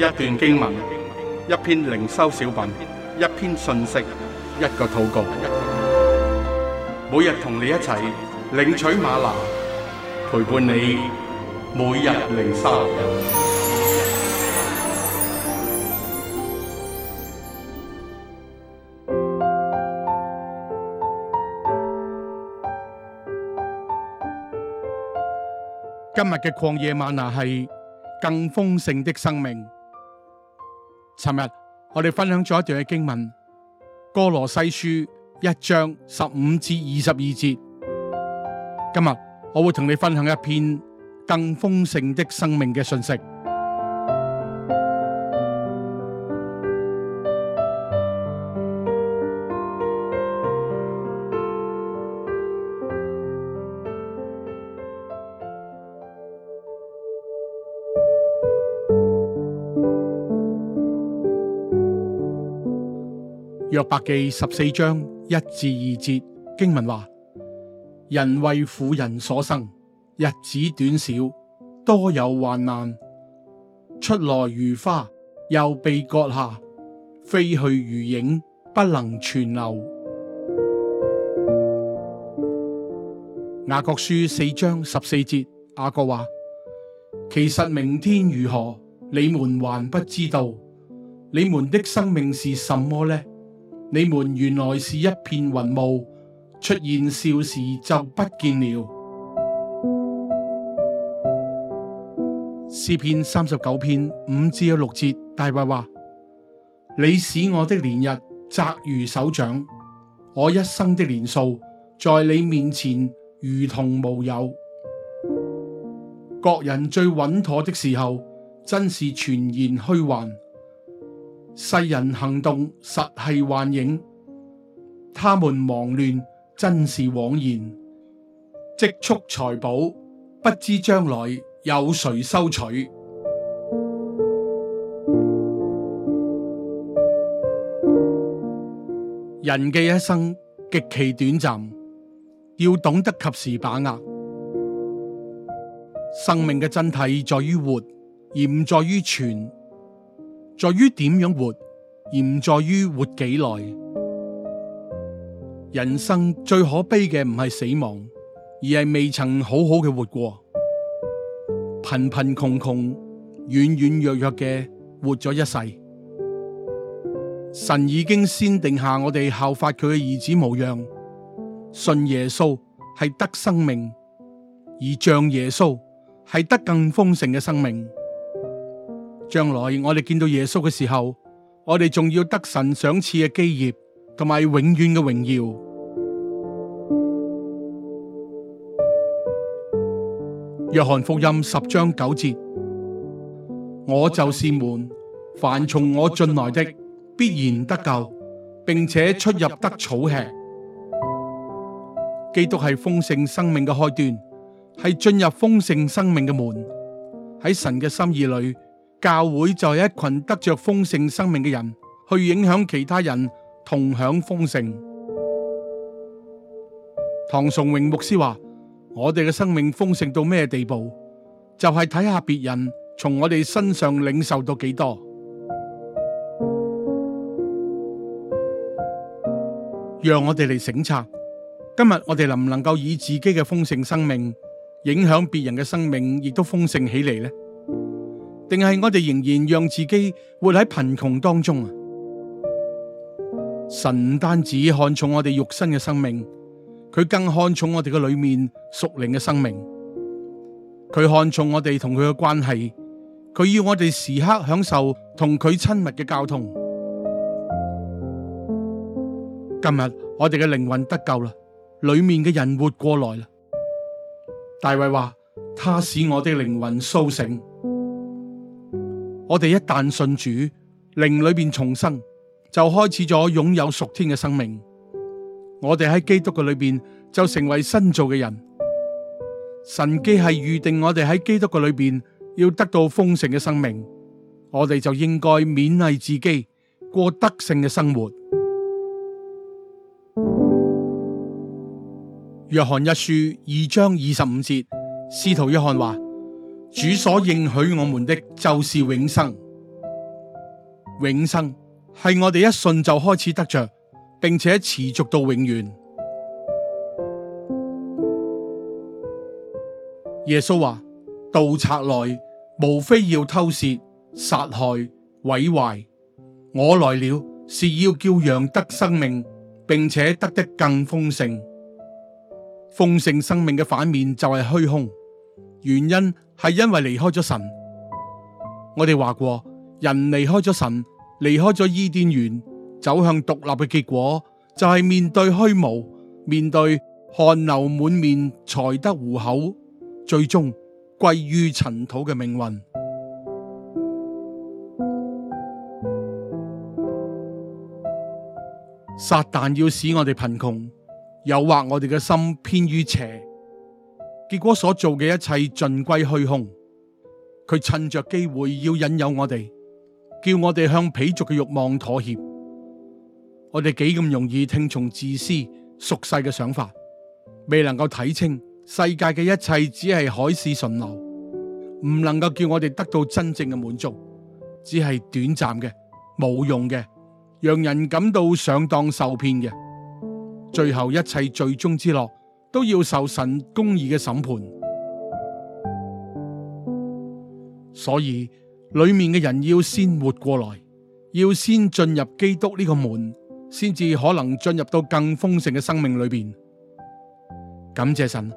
一段經文，一篇靈修小品，一篇信息，一個禱告。每日同你一齊領取嗎哪，陪伴你每日靈修。今日嘅曠野嗎哪係更豐盛的生命。尋日我哋分享咗一段經文《歌羅西書》一章十五至二十二節，今日我會同你分享一篇更豐盛的生命嘅信息。約伯記十四章一至二節經文話：人為婦人所生，日子短少，多有患難。出來如花，又被割下；飛去如影，不能存留。雅各書四章十四節雅各話：其實明天如何，你們還不知道。你們的生命是什麼呢？你們原來是一片雲霧，出現少時就不見了。詩篇三十九篇五至六節，大衛話，話：你使我的年日窄如手掌，我一生的年數在你面前如同無有。各人最穩妥的時候，真是全然虛幻。世人行動實係幻影，他們忙亂，真是枉然。積蓄財寶，不知將來有誰收取。人嘅一生極其短暫，要懂得及時把握。生命嘅真諦在於活，而唔在於存。在於點樣活，而唔在於活幾耐。人生最可悲嘅唔係死亡，而係未曾好好嘅活過，貧貧窮窮、軟軟弱弱嘅活咗一世。神已經先定下我哋效法佢嘅兒子模樣，信耶穌係得生命，而像耶穌係得更豐盛嘅生命。將來我哋見到耶穌嘅時候，我哋仲要得神賞賜嘅基業，同埋永遠嘅榮耀。約翰福音十章九節：我就是門，凡從我進來的，必然得救，並且出入得草吃。基督係豐盛生命嘅開端，係進入豐盛生命嘅門。喺神嘅心意裏。教會就係一群得着豐盛生命嘅人，去影響其他人同享豐盛。唐崇榮牧師話：我哋嘅生命豐盛到咩地步？就係睇下別人從我哋身上領受到幾多。讓我哋嚟省察，今日我哋能唔能夠以自己嘅豐盛生命，影響別人嘅生命，亦都豐盛起嚟呢？定係我哋仍然讓自己活喺貧窮當中啊？神唔單止看重我哋肉身嘅生命，佢更看重我哋嘅裏面屬靈嘅生命。佢看重我哋同佢嘅關係，佢要我哋時刻享受同佢親密嘅交通。今日我哋嘅靈魂得救啦，裏面嘅人活過嚟啦。大衛話：他使我哋嘅靈魂蘇醒。我哋一旦信主，靈裏邊重生，就開始咗擁有屬天嘅生命。我哋喺基督嘅裏邊就成為新造嘅人。神既係預定我哋喺基督嘅裏邊要得到豐盛嘅生命，我哋就應該勉勵自己過德性嘅生活。約翰一書二章二十五節，使徒約翰話。主所應許我們的就是永生，永生係我哋一信就開始得着，並且持續到永遠。耶穌話：盜賊來，無非要偷竊、殺害、毀壞。我來了，是要叫羊得生命，並且得的更豐盛。豐盛生命嘅反面就係虛空。原因係因為離開咗神，我哋話過，人離開咗神，離開咗伊甸園，走向獨立嘅結果就係面對虛無，面對汗流滿面才得糊口，最終歸於塵土嘅命運。撒旦要使我哋貧窮，誘惑我哋嘅心偏於邪。結果所做嘅一切盡歸虛空，佢趁着機會要引誘我哋，叫我哋向鄙俗嘅慾望妥協。我哋幾咁容易聽從自私、俗世嘅想法，未能夠睇清世界嘅一切只係海市蜃樓，唔能夠叫我哋得到真正嘅滿足，只係短暫嘅、冇用嘅，讓人感到上當受騙嘅。最後一切最終之樂都要受神公義嘅審判，所以裏面嘅人要先活過來，要先進入基督呢個門，先至可能進入到更豐盛嘅生命裏邊。感謝神，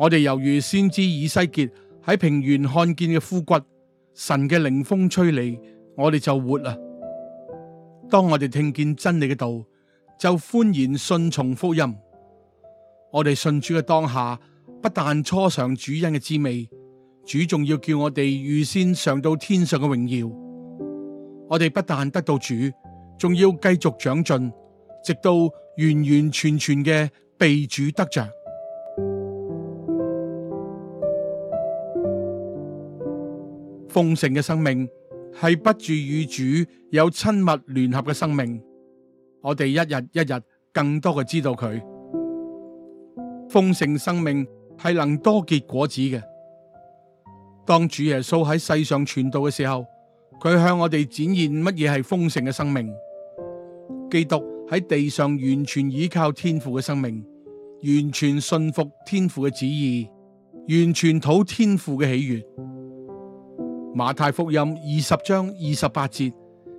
我哋猶如先知以西結喺平原看見嘅枯骨，神嘅靈風吹嚟，我哋就活啦。當我哋聽見真理嘅道，就歡然順從福音。我哋信主嘅當下，不但初嘗主恩嘅滋味，主仲要叫我哋預先嘗到天上嘅榮耀。我哋不但得到主，仲要繼續長進，直到完完全全嘅被主得着豐盛嘅生命，係不住與主有親密聯合嘅生命。我哋一日一日更多嘅知道佢。豐盛生命係能多結果子嘅。當主耶穌喺世上傳道嘅時候，佢向我哋展現乜嘢係豐盛嘅生命。基督喺地上完全依靠天父嘅生命，完全信服天父嘅旨意，完全討天父嘅喜悦。馬太福音二十章二十八節，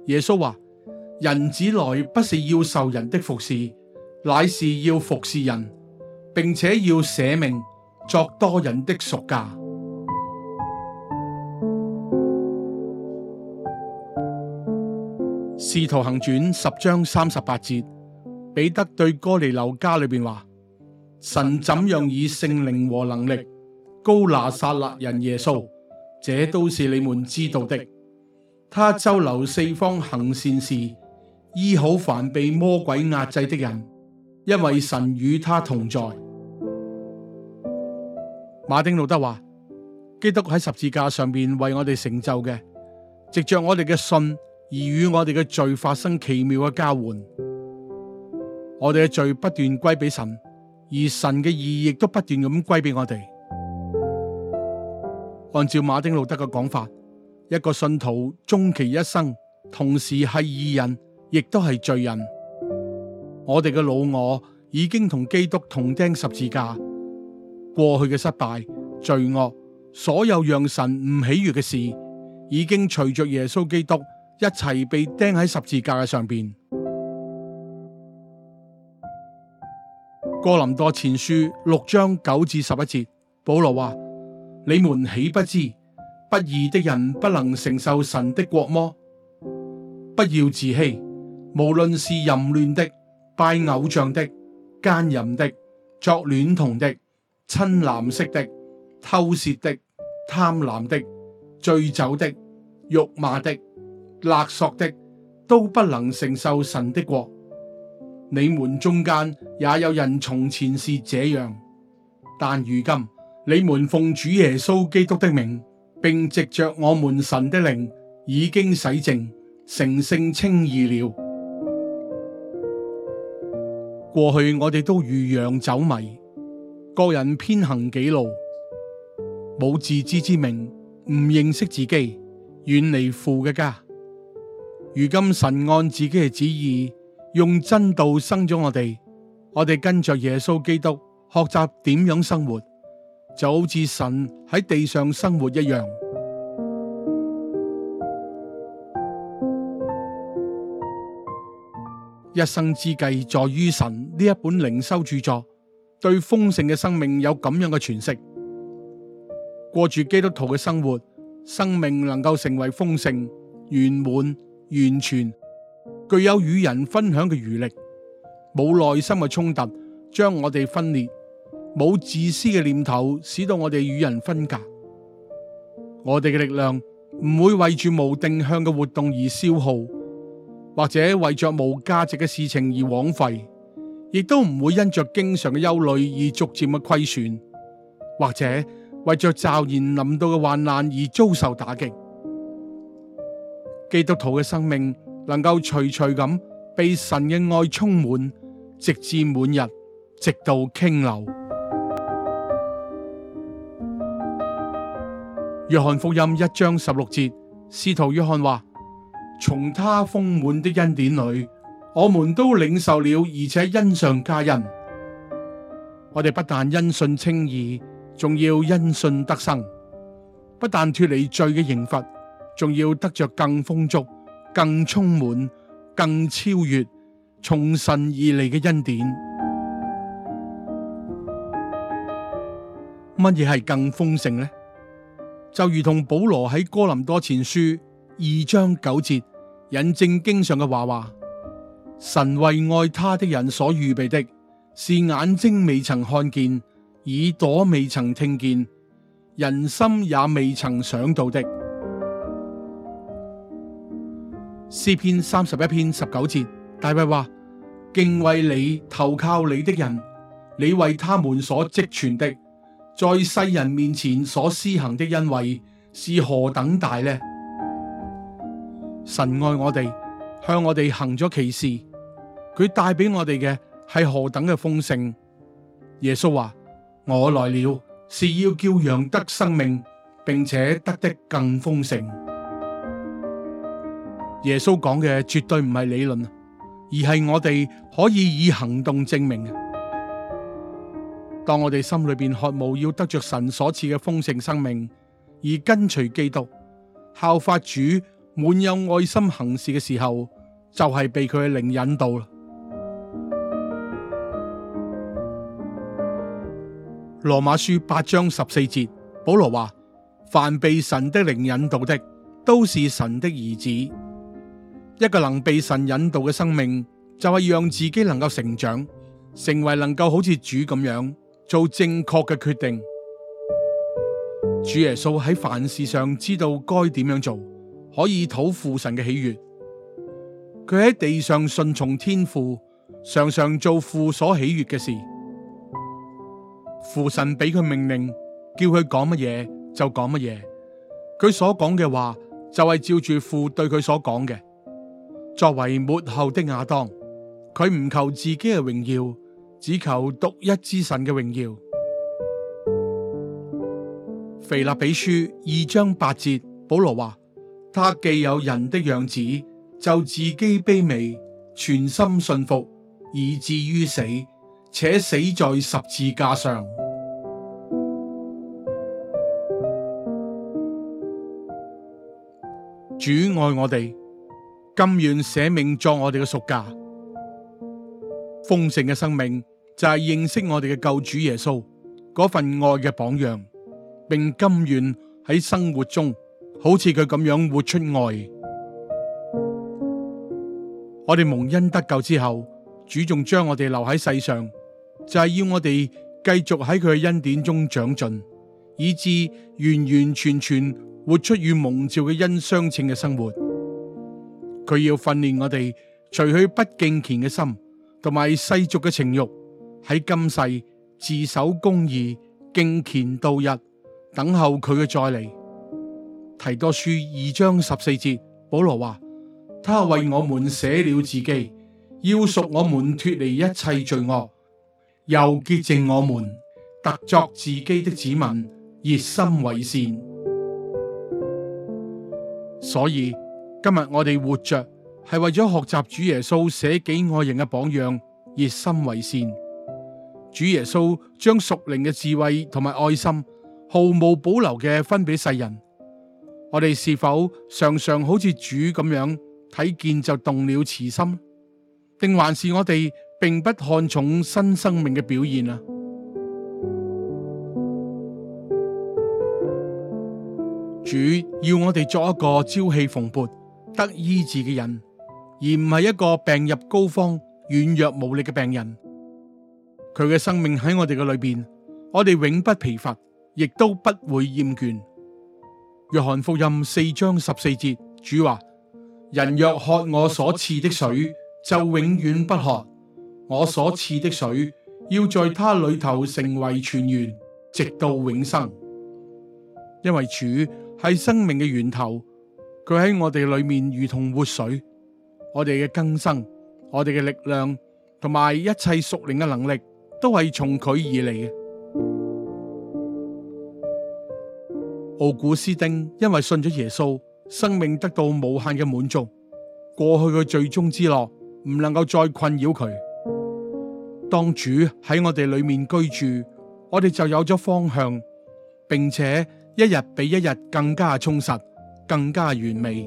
耶穌話：人子來不是要受人的服侍，乃是要服侍人。並且要捨命作多人的贖價。使徒行傳十章三十八節，彼得對哥尼流家裏邊話：神怎樣以聖靈和能力膏拿撒勒人耶穌，這都是你們知道的。他周流四方行善事，醫好凡被魔鬼壓制的人，因為神與他同在。馬丁路德話：基督喺十字架上面為我哋成就嘅，藉着我哋嘅信而與我哋嘅罪發生奇妙嘅交換。我哋嘅罪不斷歸俾神，而神嘅義亦都不斷咁歸俾我哋。按照馬丁路德嘅講法，一個信徒終其一生，同時係義人，亦都係罪人。我哋嘅老我已經同基督同釘十字架。過去嘅失敗、罪惡，所有讓神唔喜悦嘅事，已經隨着耶穌基督一齊被釘喺十字架嘅上邊。哥林多前書六章九至十一節，保羅話：你們豈不知，不義的人不能承受神的國麼？不要自欺，無論是淫亂的、拜偶像的、奸淫的、作娈童的，親男色的、偷竊的、貪婪的、醉酒的、辱罵的、勒索的，都不能承受神的國。你們中間也有人從前是這樣，但如今你們奉主耶穌基督的名，並藉着我們神的靈，已經洗淨，成聖稱義了。過去我哋都如羊走迷。個人偏行己路，冇自知之明，唔認識自己，遠離父嘅家。如今神按自己嘅旨意，用真道生咗我哋，我哋跟着耶穌基督學習點樣生活，就好似神喺地上生活一樣。「一生之計」在於神，呢一本靈修著作，對豐盛嘅生命有咁樣嘅詮釋，過住基督徒嘅生活，生命能夠成為豐盛、圓滿、完全，具有與人分享嘅餘力，冇內心嘅衝突將我哋分裂，冇自私嘅念頭使到我哋與人分隔，我哋嘅力量唔會為住無定向嘅活動而消耗，或者為着無價值嘅事情而枉費。亦都唔會因着經常嘅憂慮而逐漸嘅虧損，或者為着驟然臨到嘅患難而遭受打擊。基督徒嘅生命能夠徐徐咁被神嘅愛充滿，直至滿溢，直到傾流。約翰福音一章十六節，使徒約翰話：從他豐滿的恩典裏。我們都領受了，而且恩上加恩。我哋不但因信稱義，仲要因信得生。不但脫離罪嘅刑罰，仲要得着更豐足、更充滿、更超越從神而嚟嘅恩典。乜嘢係更豐盛呢？就如同保羅喺哥林多前書二章九節引證經上嘅話話。神為愛他的人所預備的，是眼睛未曾看見，耳朵未曾聽見，人心也未曾想到的。詩篇三十一篇十九節，大衛話：敬畏你、投靠你的人，你為他們所積存的，在世人面前所施行的恩惠是何等大呢？神愛我哋。向我哋行咗奇事，佢帶俾我哋嘅係何等嘅豐盛？耶穌話：我來了，是要叫羊得生命，並且得的更豐盛。耶穌講嘅絕對唔係理論，而係我哋可以以行動證明。當我哋心裏邊渴望要得着神所賜嘅豐盛生命，而跟隨基督、效法主、滿有愛心行事嘅時候，就係被佢嘅靈引導啦。羅馬書八章十四節，保羅話：凡被神的靈引導的，都是神的兒子。一個能被神引導嘅生命，就係讓自己能夠成長，成為能夠好似主咁樣做正確嘅決定。主耶穌喺凡事上知道該點樣做，可以討父神嘅喜悦。佢喺地上順從天父，常常做父所喜悦嘅事。父神俾佢命令，叫佢講乜嘢就講乜嘢，佢所講嘅話就係、是、照住父對佢所講嘅。作為末後的亞當，佢唔求自己嘅榮耀，只求獨一之神嘅榮耀。腓立比書二章八節，保羅話：他既有人的樣子。就自己卑微，全心信服，以至於死，且死在十字架上。主愛我哋，甘願捨命作我哋嘅贖價。豐盛嘅生命就係認識我哋嘅救主耶穌嗰份愛嘅榜樣，並甘願喺生活中好似佢咁樣活出愛。我哋蒙恩得救之後，主仲將我哋留喺世上，就係要我哋繼續喺佢嘅恩典中長進，以致完完全全活出與蒙召嘅恩相稱嘅生活。佢要訓練我哋除去不敬虔嘅心，同埋世俗嘅情欲，喺今世自守公義、敬虔度日，等候佢嘅再嚟。提多書二章十四節，保羅話。他為我們捨了自己，要贖我們脱離一切罪惡，又潔淨我們，特作自己的子民，熱心為善。所以今日我哋活着係為咗學習主耶穌捨己愛人嘅榜樣，熱心為善。主耶穌將屬靈嘅智慧同埋愛心毫無保留嘅分俾世人。我哋是否常常好似主咁樣？睇見就動了慈心，定還是我哋並不看重新生命嘅表現啊？主要我哋作一個朝氣蓬勃、得醫治嘅人，而唔係一個病入膏肓、軟弱無力嘅病人。佢嘅生命喺我哋嘅裏邊，我哋永不疲乏，亦都不會厭倦。約翰福音四章十四節，主話。人若喝我所賜的水，就永遠不渴。我所賜的水，要在他裏頭成為泉源，直到永生。因為主係生命嘅源頭，佢喺我哋裏面如同活水，我哋嘅更生，我哋嘅力量同埋一切屬靈嘅能力都係從佢而嚟嘅。奧古斯丁因為信咗耶穌，生命得到無限嘅滿足，過去嘅最終之樂唔能夠再困擾佢。當主喺我哋裏面居住，我哋就有咗方向，並且一日比一日更加充實，更加完美。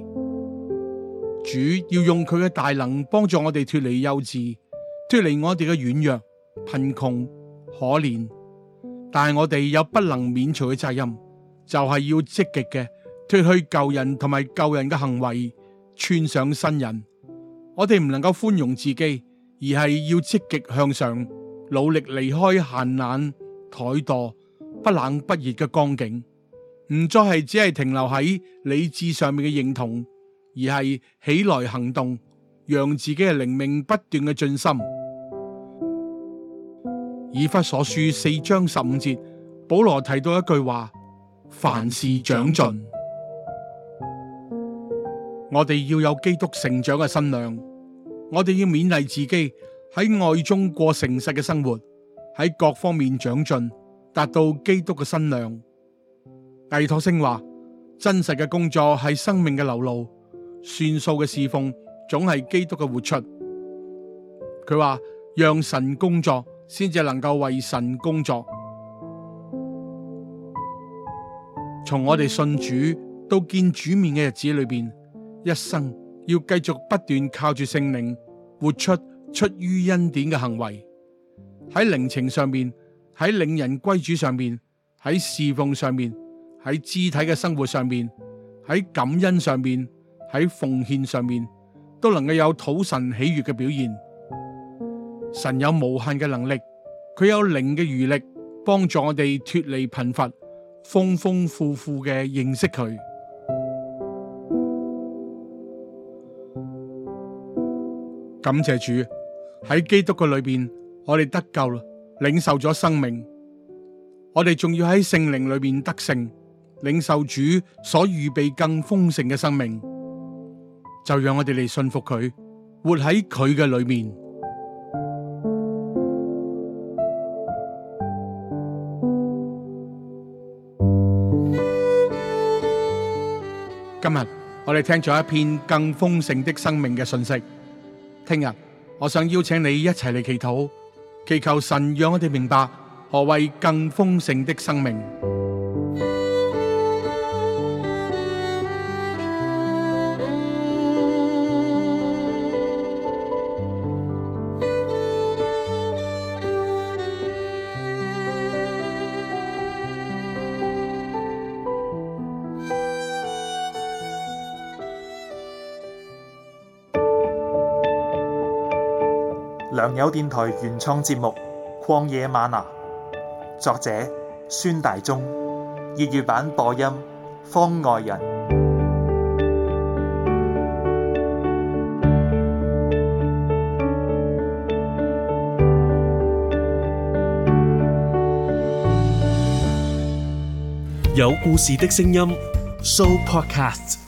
主要用佢嘅大能幫助我哋脫離幼稚，脫離我哋嘅軟弱、貧窮、可憐。但係我哋有不能免除嘅責任，就係要積極嘅。脫去舊人同埋舊人嘅行為，穿上新人。我哋唔能夠寬容自己，而係要積極向上，努力離開寒冷、怠惰、不冷不熱嘅光景，唔再係只係停留喺理智上面嘅認同，而係起來行動，讓自己嘅靈命不斷嘅進深。以弗所書四章十五節，保羅提到一句話：凡事長進。我哋要有基督成長嘅身量，我哋要勉勵自己喺愛中過誠實嘅生活，喺各方面長進，達到基督嘅身量。艾托星話：真實嘅工作係生命嘅流露，算數嘅侍奉總係基督嘅活出。佢話：讓神工作，先至能夠為神工作。從我哋信主到見主面嘅日子裏邊。一生要繼續不斷靠住聖靈，活出出於恩典嘅行為。喺靈情上面，喺領人歸主上面，喺侍奉上面，喺肢體嘅生活上面，喺感恩上面，喺奉獻上面，都能夠有討神喜悅嘅表現。神有無限嘅能力，佢有靈嘅餘力，幫助我哋脫離貧乏，豐豐富富嘅認識佢。感謝主，喺基督嘅裏邊，我哋得救啦，領受咗生命。我哋仲要喺聖靈裡面得勝，領受主所預備更豐盛嘅生命。就讓我哋嚟信服佢，活喺佢嘅裏面。今日我哋聽咗一篇更豐盛的生命嘅信息。聽日，我想邀請你一齊嚟祈禱，祈求神讓我哋明白何謂更豐盛的生命。良友電台原創節目《曠野嗎哪》，作者孫大中，粵語版播音方外人，有故事的聲音 Show Podcast。